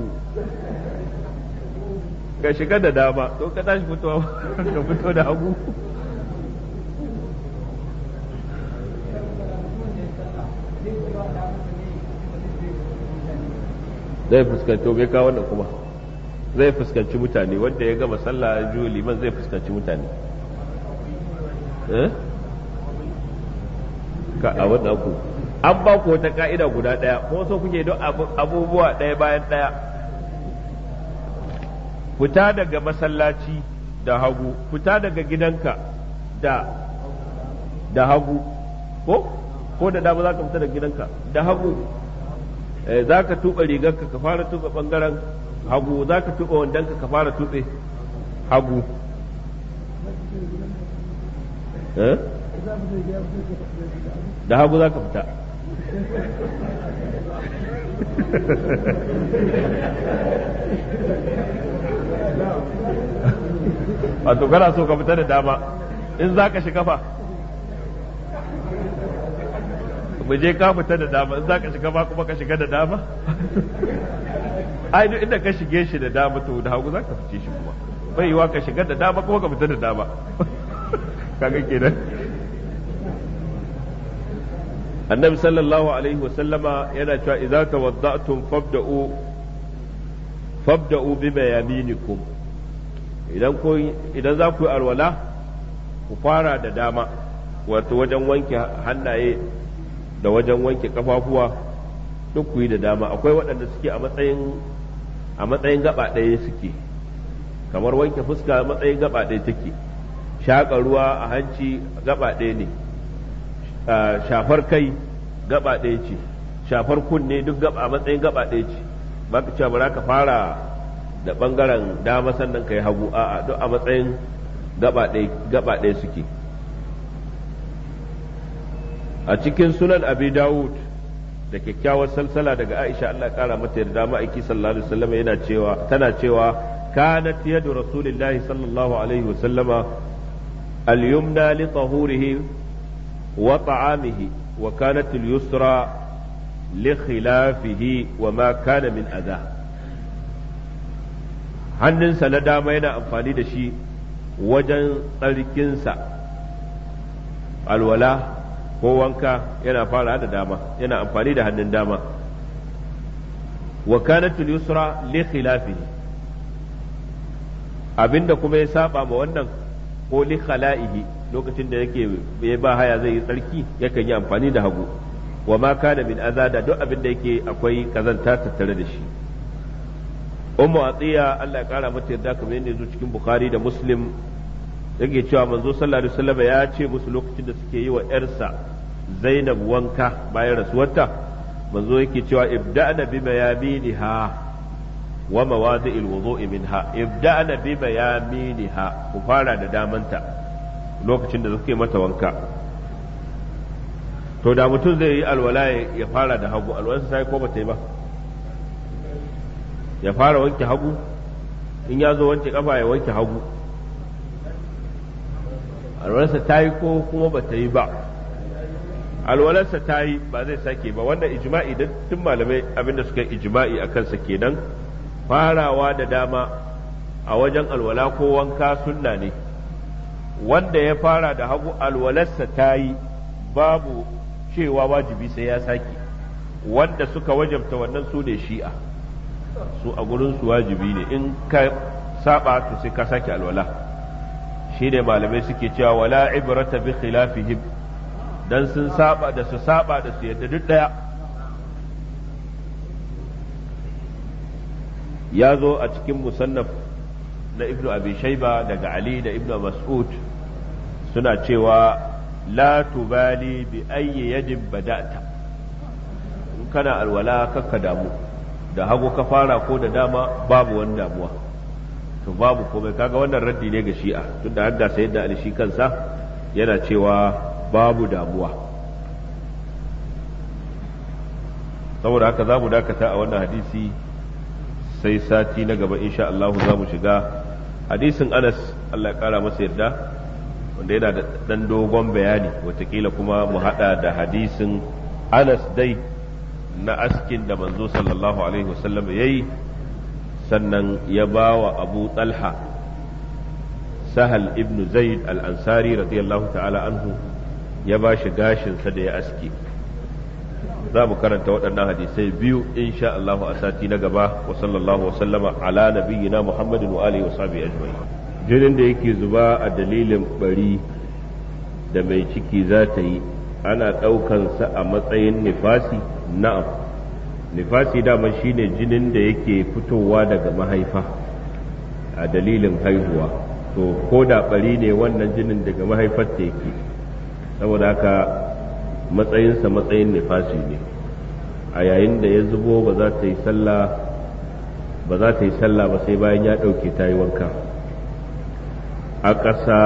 ga shiga da dama to ka tashi fitowa ka fito da abu zai fuskanci bai kawo wannan kuma zai fuskanci mutane wanda ya gama sallah juyo liman zai fuskanci mutane eh? ka a wannan ku an ba ku wata ka'ida guda ɗaya ko so kuke don abubuwa ɗaya bayan ɗaya fita daga masallaci da hagu fita daga gidanka da da hagu ko ko da dama za ka fita daga gidanka da hagu eh, za ka tuɓa rigarka ka fara tuɓa ɓangaren hagu za ka tuɓa wandonka ka fara tuɓe hagu eh? da hagu za ka fita wato kana so ka fita da dama in za ka shiga fa mu je ka fita da dama in za ka shiga ba kuma ka shiga da dama ai duk inda ka shige shi da dama to da hagu za ka fice shi kuma bai yiwa ka shiga da dama kuma ka fita da dama kaga kenan annabi sallallahu alaihi wasallama yana cewa idza tawadda'tum fabda'u fabda'u bima yaminikum idan ko idan za ku yi alwala ku fara da dama wato wajen wanke hannaye da wajen wanke kafafuwa duk ku yi da dama akwai waɗanda suke a matsayin a matsayin gaba ɗaya suke kamar wanke fuska a matsayin gaba ɗaya take shaƙa ruwa a hanci gaba ɗaya ne shafar kai gaba ɗaya ce shafar kunne duk gaba matsayin gaba ɗaya ce ba ka cewa ba ka fara da ɓangaren dama sannan ka yi hagu a duk a matsayin gaba ɗaya suke a cikin sunan abi dawud da kyakkyawar salsala daga aisha allah ƙara mata yarda ma'aiki sallallahu alaihi wasallam yana cewa tana cewa كانت يد رسول الله صلى الله al-yumna li لطهوره wa ta'amihi wa kanat al-yusra li khilafihi wa ma kana min adha hannunsa na dama yana amfani da shi wajen tsarkinsa alwala ko wanka yana fara da dama yana amfani da hannun dama wa kanat al-yusra li khilafihi abinda kuma ya saba ma wannan ko li khala'ihi lokacin da yake ya ba haya zai yi tsarki yakan yi amfani da hagu wa ma kana min azada duk abin da yake akwai kazanta tattare da shi ummu atiya Allah ya kara mata yadda kamar yadda yazo cikin bukhari da muslim yake cewa manzo sallallahu alaihi wasallam ya ce musu lokacin da suke yi wa yarsa zainab wanka bayan rasuwarta manzo yake cewa ibda'na bi yaminiha wa mawadi'il wudu'i minha ibda'na bi yaminiha ku fara da damanta lokacin da suke mata wanka to da mutum zai yi alwala ya fara da hagu alwalarsa ta yi ko ba ta yi ba ya fara wanke hagu in ya zo wanke kafa ya wanke hagu alwalarsa ta yi ko kuma ba ta yi ba alwalarsa ta yi ba zai sake ba wanda ijma'i da tun malamai abinda suka yi ijma'i a kansa kenan farawa da dama a wajen alwala ko wanka sunna ne wanda ya fara da hagu alwalarsa ta yi babu cewa wajibi sai ya sake wanda suka wajabta wannan su ne shi'a su a gurin su wajibi ne in ka saba to sai ka sake alwala shi ne malamai suke cewa wala ibrata bi khilafihim dan sun saba da su saba da su yadda duk daya ya zo a cikin musannaf na ibnu abi shaiba daga ali da ibnu mas'ud suna cewa la tubali bi ayyi yadin bada'ta in kana alwala kakka damu da hagu ka fara ko da dama babu wani damuwa to babu komai kaga wannan raddi ne ga shi'a tunda har ga da ali shi kansa yana cewa babu damuwa saboda haka za mu dakata a wannan hadisi sai sati na gaba insha Allah za mu shiga hadisin anas allah ya kara masa yarda wanda yana da dan dogon bayani watakila kuma mu hada da hadisin anas dai na askin da manzo sallallahu alaihi wasallam ya yi sannan ya ba wa abu talha sahal ibn zaid al-ansari radiyallahu ta'ala anhu ya ba shi gashinsa da ya aske za mu karanta waɗannan hadisai biyu sha Allah a sati na gaba wa sallallahu wa sallama ala nabiyyina Muhammadin wa alihi wa sahbihi ajma'in jinin da yake zuba a dalilin bari da mai ciki za ta yi ana ɗaukan sa a matsayin nifasi na'am nifasi daman shine jinin da yake fitowa daga mahaifa a dalilin haihuwa to ko da bari ne wannan jinin daga mahaifar ta yake saboda haka matsayinsa matsayin nifasi ne a yayin da ya zubo ba za ta yi sallah ba sai bayan ya ɗauke ta yi wanka a ƙasa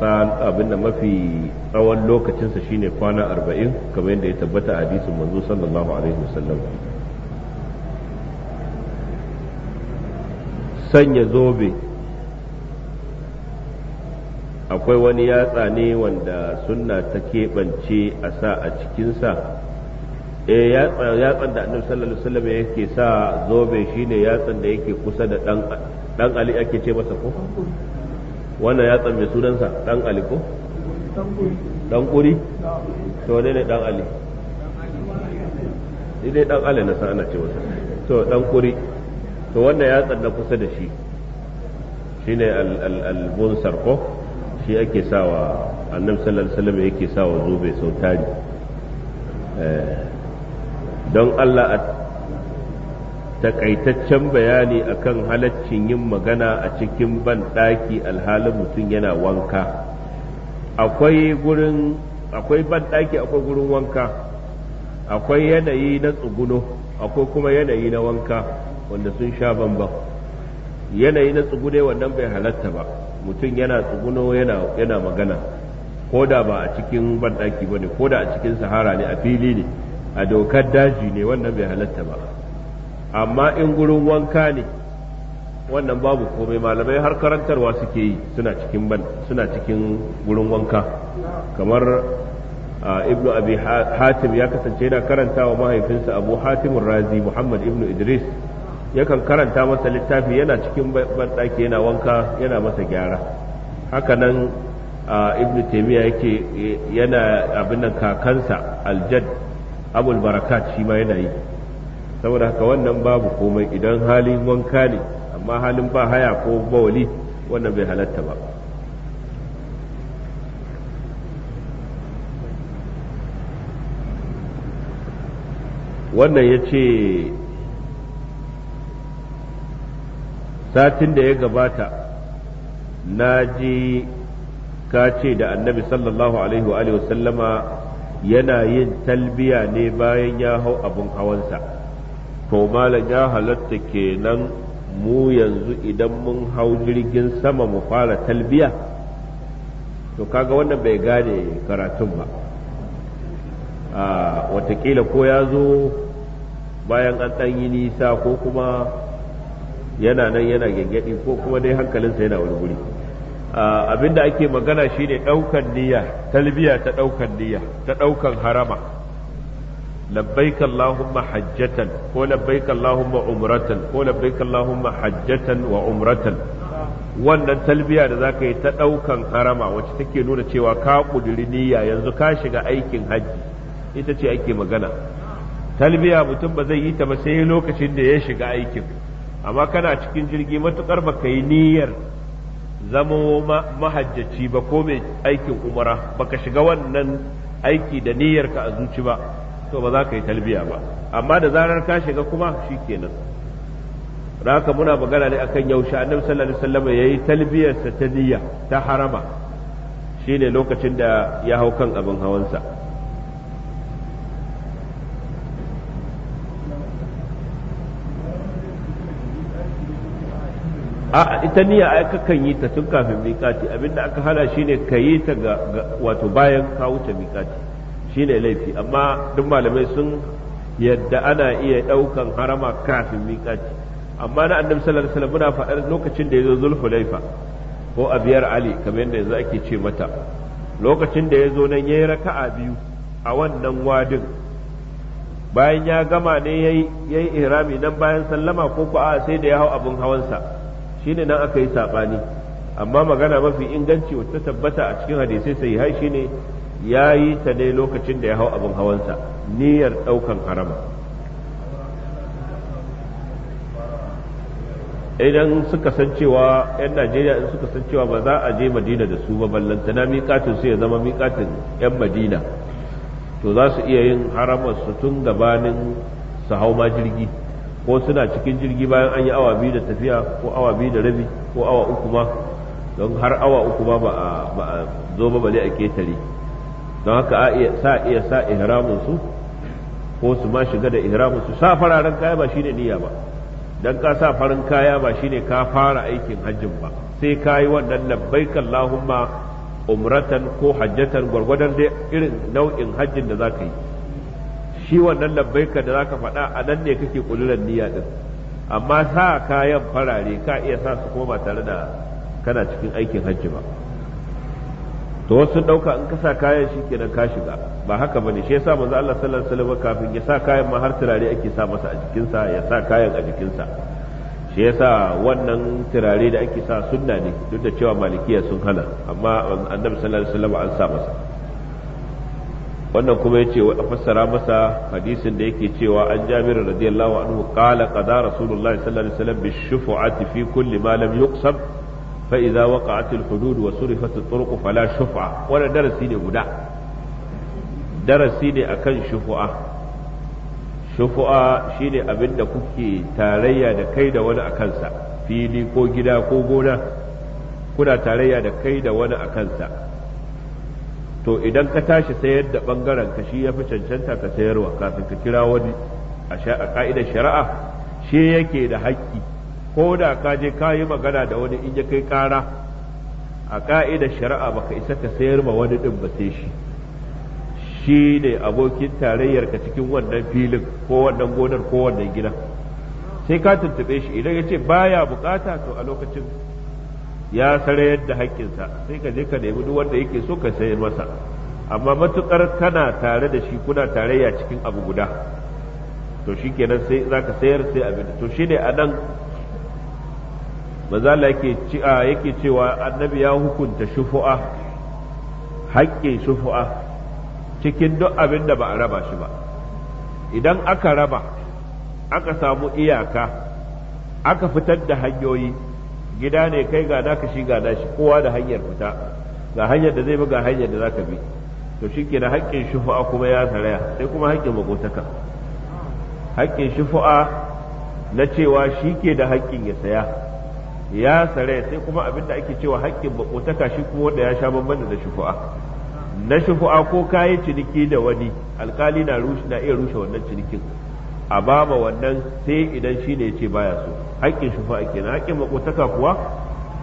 a abinda mafi tsawon lokacinsa shine kwana arba'in kamar yadda ya tabbata a hadisin manzo sallallahu alaihi wasallam sanya zobe akwai wani yatsa ne wanda sunna ta keɓance a sa a cikinsa eh yatsan da annabi sallallahu alaihi wasallam yake sa zobe shine yatsan da yake kusa da dan dan ali ake ce masa ko wannan yatsan mai sunansa dan ali ko dan kuri to ne ne dan ali ni dai dan ali na san ana ce masa to dan kuri to wannan yatsan na kusa da shi shine al al al bunsar ko shi ake sawa annabi sallallahu alaihi wasallam yake sawa zobe sau tari eh, don Allah a takaitaccen bayani akan halaccin yin magana a cikin ban ɗaki alhalin mutum yana wanka akwai gurin akwai ban ɗaki akwai gurin wanka akwai yanayi na tsuguno akwai kuma yanayi na wanka wanda sun sha bamban yanayi na tsugune wannan bai halatta ba mutum yana tsuguno yana magana ko da ba a cikin banɗaki ba ne ko da a cikin sahara ne a fili ne a dokar daji ne wannan bai halatta ba amma in gurin wanka ne wannan babu komai malamai har karantarwa suke yi suna cikin gurin wanka kamar ibnu abi hatim ya kasance yana karantawa mahaifinsa abu hatimun razi muhammad ibnu idris yakan karanta masa littafi yana cikin banɗaki yana wanka yana masa gyara hakanan ibn taimiyya yake yana abin nan kakansa aljad abul barakat shi ma yana yi saboda haka wannan babu komai idan halin wanka ne amma halin ba haya ko bawali wannan bai halatta ba wannan ya ce satin da ya gabata na ji ka ce da annabi sallallahu alaihi wa sallama yana yin talbiya ne bayan ya hau abin hawansa to malam ya halatta kenan mu yanzu idan mun hau jirgin sama mu fara talbiya to kaga wannan bai gane karatun ba a ah, watakila ko ya zo bayan an ɗan yi nisa ko kuma yana nan yana gyangyadi ko kuma dai hankalinsa yana wani guri da ake magana shi ne ɗaukan niyya talbiya ta ɗaukan niyya ta ɗaukan harama labbaik allahumma hajjatan ko labbaik allahumma umratan ko labbaik allahumma hajjatan wa umratan wannan talbiya da zaka yi ta ɗaukan harama wacce take nuna cewa ka kudiri niyya yanzu ka shiga aikin hajji ita ce ake magana talbiya mutum ba zai yi ta ba sai lokacin da ya shiga aikin amma kana cikin jirgi matukar baka yi niyyar zama mahajjaci ba ko mai aikin umara baka shiga wannan aiki da niyyar ka a zuci ba to ba za ka yi talbiya ba amma da zarar ka shiga kuma shi shikenan raka muna magana ne akan yaushe annabi sallallahu alaihi wasallam yayi talbiyar sa ta niyya ta harama shine lokacin da ya hau kan abin hawansa a ita niyya ai kakan yi ta tun kafin miƙati abinda aka hana shine ka yi ta ga wato bayan ka wuce miƙati shine laifi amma duk malamai sun yadda ana iya ɗaukan harama kafin miƙati amma na annabi sallallahu alaihi wasallam muna faɗar lokacin da yazo zo zulhulaifa ko Abiyar ali kamar yadda yanzu ake ce mata lokacin da yazo zo nan yayi raka'a biyu a wannan wadin bayan ya gama ne yayi yayi ihrami nan bayan sallama ko ko a sai da ya hau abin hawansa shine nan aka yi saɓani amma magana mafi inganci wata tabbata a cikin hadisai sahihai shine ya yi ta ne lokacin da ya hau abin hawansa niyyar ɗaukan harama idan suka san cewa 'yan najeriya in suka san cewa ba za a je madina da su ba na miƙatin su ya zama miƙatin 'yan madina to za su iya yin haramar su tun gabanin su hau ma jirgi ko suna cikin jirgi bayan an yi awa biyu da tafiya ko awa biyu da rabi ko awa uku ma don har awa uku ma ba a zo ba bale a ketare don haka sa iya sa ihramin su ko su ma shiga da ihramin su sa fararen kaya ba shine niyya ba dan ka sa farin kaya ba shine ka fara aikin hajjin ba sai ka yi wannan labbaik Allahumma umratan ko hajjatan gwargwadon dai irin nau'in hajjin da zaka yi shi wannan labbaika da zaka faɗa a nan ne kake kuliran niyya din amma sa kayan farare ka iya sa su koma tare da kana cikin aikin hajji ba to wasu ɗauka in ka sa kayan shi kenan ka shiga ba haka bane shi yasa manzo Allah sallallahu alaihi wasallam kafin ya sa kayan ma har turare ake sa masa a jikinsa ya sa kayan a jikinsa shi yasa wannan turare da ake sa sunna ne duk da cewa malikiya sun hana amma annabi sallallahu alaihi wasallam an sa masa wannan kuma yace a fassara masa hadisin da yake cewa an Jabir radiyallahu anhu qala qada Rasulullah sallallahu alaihi wasallam bi shufu'ati fi kulli ma lam yuqsam fa idza waqa'at al hudud wa surifat al turuq fala shufa wannan darasi ne guda darasi ne akan shufa shufa shine abinda kuke tarayya da kai da wani akan sa fili ko gida ko gona kuna tarayya da kai da wani akan sa to idan ka tashi sayar da bangaren ka shi ya fi cancanta ka sayarwa kafin ka kira wani a ka'idar shari'a shi yake da haƙƙi ko da ka je ka yi magana da wani in ya kai ƙara a ka'idar shari'a baka isa ka sayar ma wani ɗin ba sai shi shi ne abokin tarayyar ka cikin wannan filin ko wannan gonar ko wannan gida sai ka tuntube shi idan ya ce baya bukata to a lokacin ya sare yadda haƙƙinsa sai ka je ka nemi duk wanda yake so ka sayar masa amma matukar kana tare da shi kuna tarayya cikin abu guda to shikenan sai za ka sayar sai abin to shine a nan mazala yake cewa annabi ya hukunta shufu'a haƙƙin shufu'a cikin duk abin da ba a raba shi ba idan aka raba aka samu iyaka aka fitar da hanyoyi gida ne kai ga naka shi ga shi kowa da hanyar fita ga hanyar da zai bi ga hanyar da zaka bi to shike da haƙƙin shufa'a kuma ya saraya sai kuma haƙƙin magotaka haƙƙin shufa'a na cewa shike da haƙƙin ya saya ya saraya sai kuma abin da ake cewa haƙƙin magotaka shi kuma wanda ya sha bambanta da shufa'a na shufa'a ko kayi ciniki da wani alkali na na iya rushe wannan cinikin a ba wannan sai idan shi ne ya ce baya so haƙƙin ake kenan haƙƙin makotaka kuwa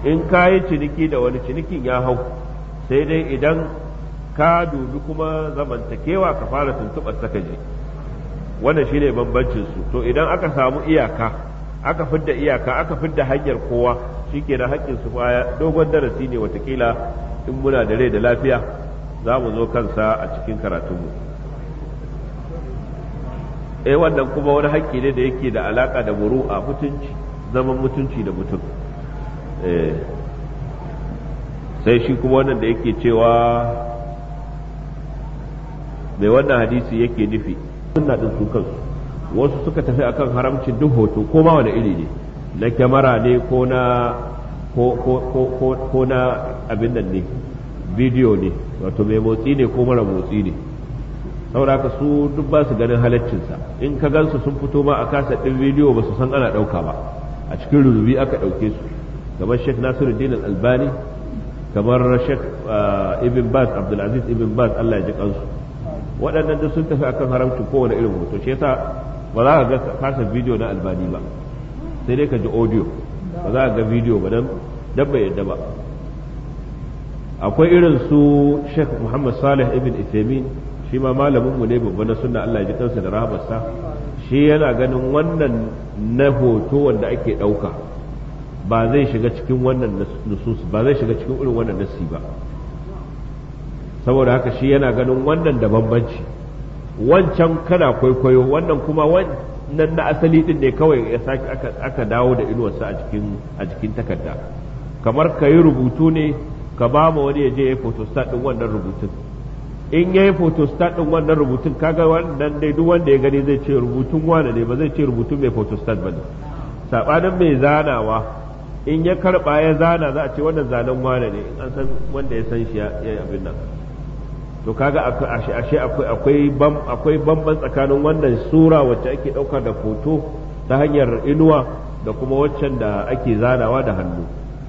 in ka yi ciniki da wani cinikin ya hau sai dai idan ka dubi kuma zamantakewa ka fara tuntuɓar saka je wannan shine bambancin su to idan aka samu iyaka aka fidda iyaka aka fidda hanyar kowa shikenan haƙƙin su baya dogon darasi ne watakila in muna da rai da lafiya za mu zo kansa a cikin karatunmu eh wannan kuma wani haƙƙi ne da yake da alaƙa da muru'a mutunci zaman mutunci da mutum eh, sai shi kuma wannan da yake cewa mai wannan hadisi yake nufi suna ɗin su kansu wasu suka tafi akan haramcin duk hoto ko ma wani iri ne na kyamara ne ko na abin nan ne bidiyo ne wato mai motsi ne ko mara motsi ne saboda su duk ba su ganin halaccinsa in ka gansu sun fito ma a kasa ɗin bidiyo ba su san ana ɗauka ba a cikin rububi aka ɗauke su kamar sheikh nasiruddin al-albani kamar sheikh ah, ibn baz abdulaziz ibn baz allah ya ji kansu waɗannan duk sun tafi akan haramcin kowane irin hoto shi yasa ba za ka ga fasa bidiyo na albani ba sai dai ka ji audio ba za ka ga bidiyo ba dan dan bai yadda ba akwai irin su Sheikh Muhammad Salih ibn Uthaymeen shi ma malamin mu ne babba na sunna Allah ya ji kansa da rahamarsa shi yana ganin wannan na hoto wanda ake ɗauka ba zai shiga cikin wannan nusus ba zai shiga cikin irin wannan nasi ba saboda haka shi yana ganin wannan da bambanci wancan kana kwaikwayo wannan kuma wannan na asali din ne kawai ya sake aka dawo da inuwarsa a cikin a cikin takarda kamar ka yi rubutu ne ka ba ma wani ya je ya fotostat ɗin wannan rubutun in yayi photostat din wannan rubutun kaga wannan dai duk wanda ya gani zai ce rubutun wane ne ba zai ce rubutun mai photostat bane sabanin mai zanawa in ya karba ya zana za a ce wannan zanen wane ne in an san wanda ya san shi ya abin nan to kaga ashe akwai akwai bamban tsakanin wannan sura wacce ake dauka da foto ta hanyar inuwa da kuma waccan da ake zanawa da hannu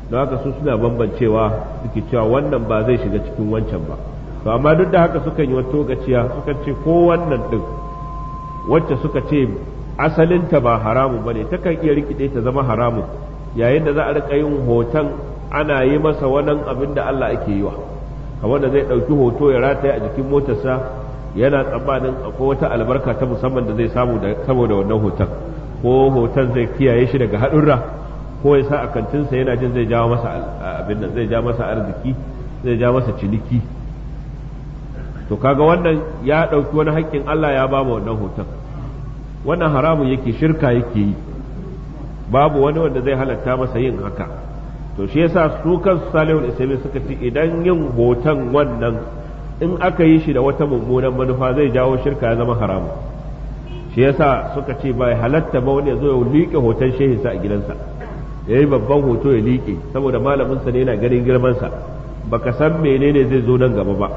don haka su suna bambancewa suke cewa wannan ba zai shiga cikin wancan ba to amma duk da haka suka yi wato gaciya suka ce ko wannan din wacce suka ce asalinta ba haramun bane takan iya rikide ta zama haramun yayin da za a rika yin hoton ana yi masa wannan abin da Allah ake yi wa kamar da zai ɗauki hoto ya rataye a jikin motarsa yana tsammanin akwai wata albarka ta musamman da zai samu saboda wannan hoton ko hoton zai kiyaye shi daga hadurra ko ya sa a kantinsa yana jin zai jawo masa abin nan zai ja masa arziki zai ja masa ciniki to kaga wannan ya ɗauki wani haƙƙin Allah ya ba wannan hoton wannan haramun yake shirka yake yi babu wani wanda zai halatta masa yin haka to shi yasa su kansu salihul islami suka ce idan yin hoton wannan in aka yi shi da wata mummunan manufa zai jawo shirka ya zama haramu shi yasa suka ce bai halatta ba wani ya zo ya liƙe hoton shehinsa a gidansa ya yi babban hoto ya liƙe saboda malaminsa ne yana ganin girmansa baka san menene zai zo nan gaba ba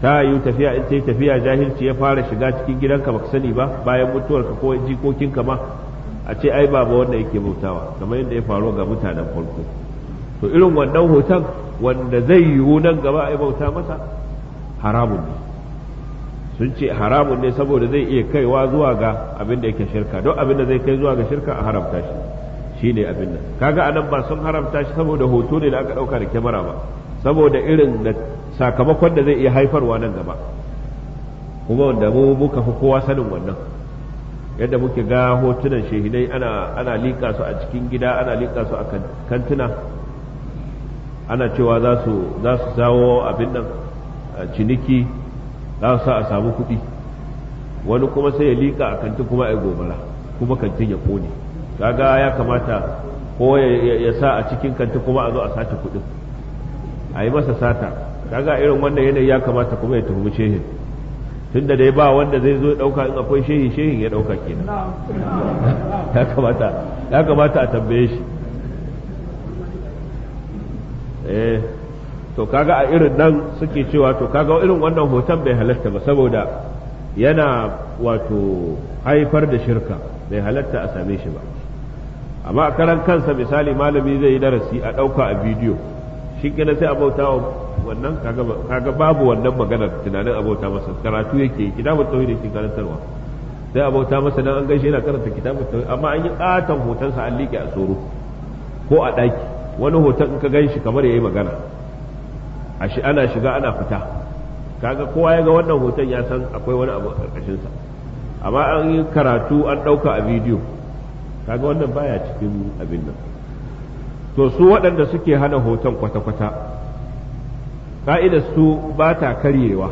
ta yi tafiya in yi tafiya jahilci ya fara shiga cikin gidanka baka sani ba bayan mutuwarka ko jikokinka ma a ce ai baba wanda yake bautawa kamar yadda ya faru ga mutanen farko to irin wannan hoton wanda zai yiwu nan gaba a bauta masa haramun ne sun ce haramun ne saboda zai iya kaiwa zuwa ga abin da yake shirka don abin da zai kai zuwa ga shirka a haramta shi shi ne abin nan kaga anan ba sun haramta shi saboda hoto ne da aka dauka da kyamara ba saboda irin sakamakon da zai iya haifarwa nan gaba kuma wanda mu muka fi kowa sanin wannan yadda muke ga hotunan shehidai ana ana liƙa su a cikin gida ana liƙa su a kantuna ana cewa za su za su zawo abin nan ciniki za su sa a samu kuɗi wani kuma sai ya liƙa a kantin kuma ya gobara kuma kantin ya kone kaga ya kamata ko ya sa a cikin kantin kuma a zo a sace kuɗin a yi masa sata kaga irin wannan yanayi ya kamata kuma ya tuhumi shehin tunda dai ba wanda zai zo ya dauka in akwai shehi shehin ya dauka kenan ya kamata ya kamata a tambaye shi eh to kaga a irin nan suke cewa to kaga irin wannan hoton bai halatta ba saboda yana wato haifar da shirka bai halatta a same shi ba amma a karan kansa misali malami zai yi darasi a ɗauka a bidiyo shi kenan sai a bauta wannan kaga babu wannan magana tunanin abota masa karatu yake kitabun tauhid yake karantarwa sai abota masa nan an gaishe yana karanta kitabun tauhid amma an yi katon hoton sa an liƙe a tsoro ko a ɗaki wani hoton in ka ganshi kamar yayi magana shi ana shiga ana fita kaga kowa ya ga wannan hoton ya san akwai wani abu a ƙarƙashin sa amma an yi karatu an ɗauka a bidiyo kaga wannan baya cikin abin nan to su waɗanda suke hana hoton kwata-kwata ka'idar su ba ta karyewa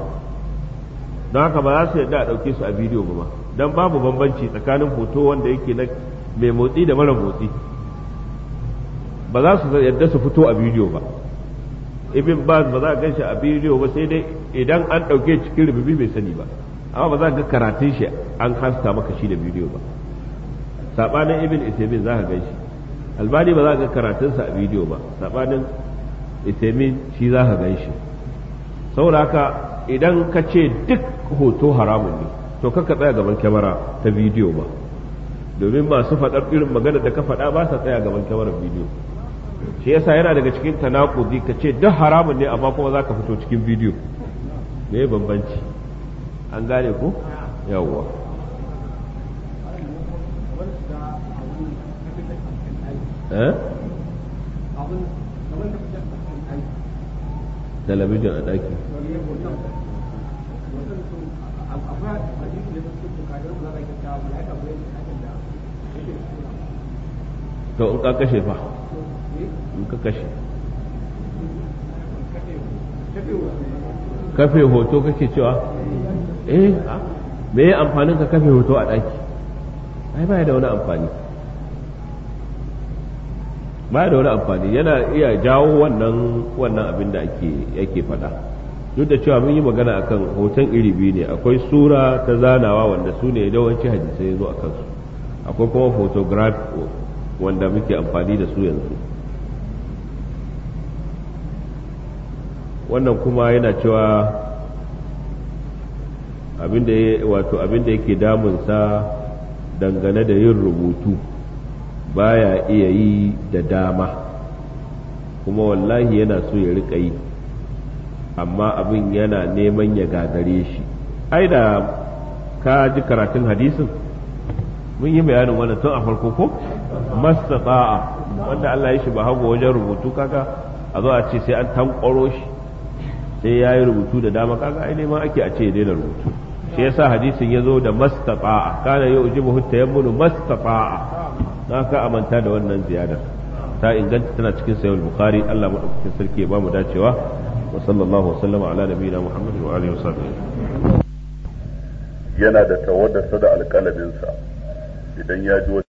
don haka ba za su yadda a ɗauke su a bidiyo ba don babu bambanci tsakanin hoto wanda yake na mai motsi da mara motsi ba za su yadda su fito a bidiyo ba ibin ba ba za a gan shi a bidiyo ba sai dai idan an ɗauke cikin rububi bai sani ba amma ba za ka karatun shi an haska maka shi da bidiyo ba saɓanin ibin isabin za ka gan shi albani ba za ga karatunsa a bidiyo ba saɓanin itamin shi za ka gan shi saboda haka idan ka ce duk hoto haramun ne to ka tsaya gaban kyamara ta bidiyo ba domin masu faɗar irin magana da ka faɗa ba sa tsaya gaban kyamarar bidiyo shi yasa yana daga cikin tanakudi ka ce duk haramun ne amma kuma za ka fito cikin bidiyo me bambanci an gane ku yawwa eh talabijin a ɗaki to in ka kashe fa in ka kashe kafe hoto kake cewa eh me amfanin ka kafe hoto a ɗaki ai baya da wani amfani ba da wani amfani yana iya jawo wannan wannan abin da ake yake faɗa duk da cewa mun yi magana akan hoton iri biyu ne akwai sura ta zanawa wanda su ne yawanci hadisai zo a kansu akwai kuma photograph wanda muke amfani da su yanzu wannan kuma yana cewa abinda wato abinda yake damunsa dangane da yin rubutu baya iya yi da dama kuma wallahi yana so ya riƙa yi amma abin yana neman ya gagare shi ai da ka ji karatun hadisin mun yi bayanin wannan tun a farko ko mastata'a wanda Allah ya shi ba hago wajen rubutu kaga a zo a ce sai an tankwaro shi sai ya yi rubutu da dama kaga ai neman ake a ce ya daina rubutu shi yasa hadisin ya zo da mastata'a kana yau ujibu hutta yammunu mastata'a don haka amanta da wannan ziyadar ta inganta tana cikin sayar bukhari allah maɗaukakin sarki ba mu dacewa wa sallallahu wasallama ala nabiyina muhammad wa alihi wasallam yana da tawaddarsa da alƙalabinsa idan ya ji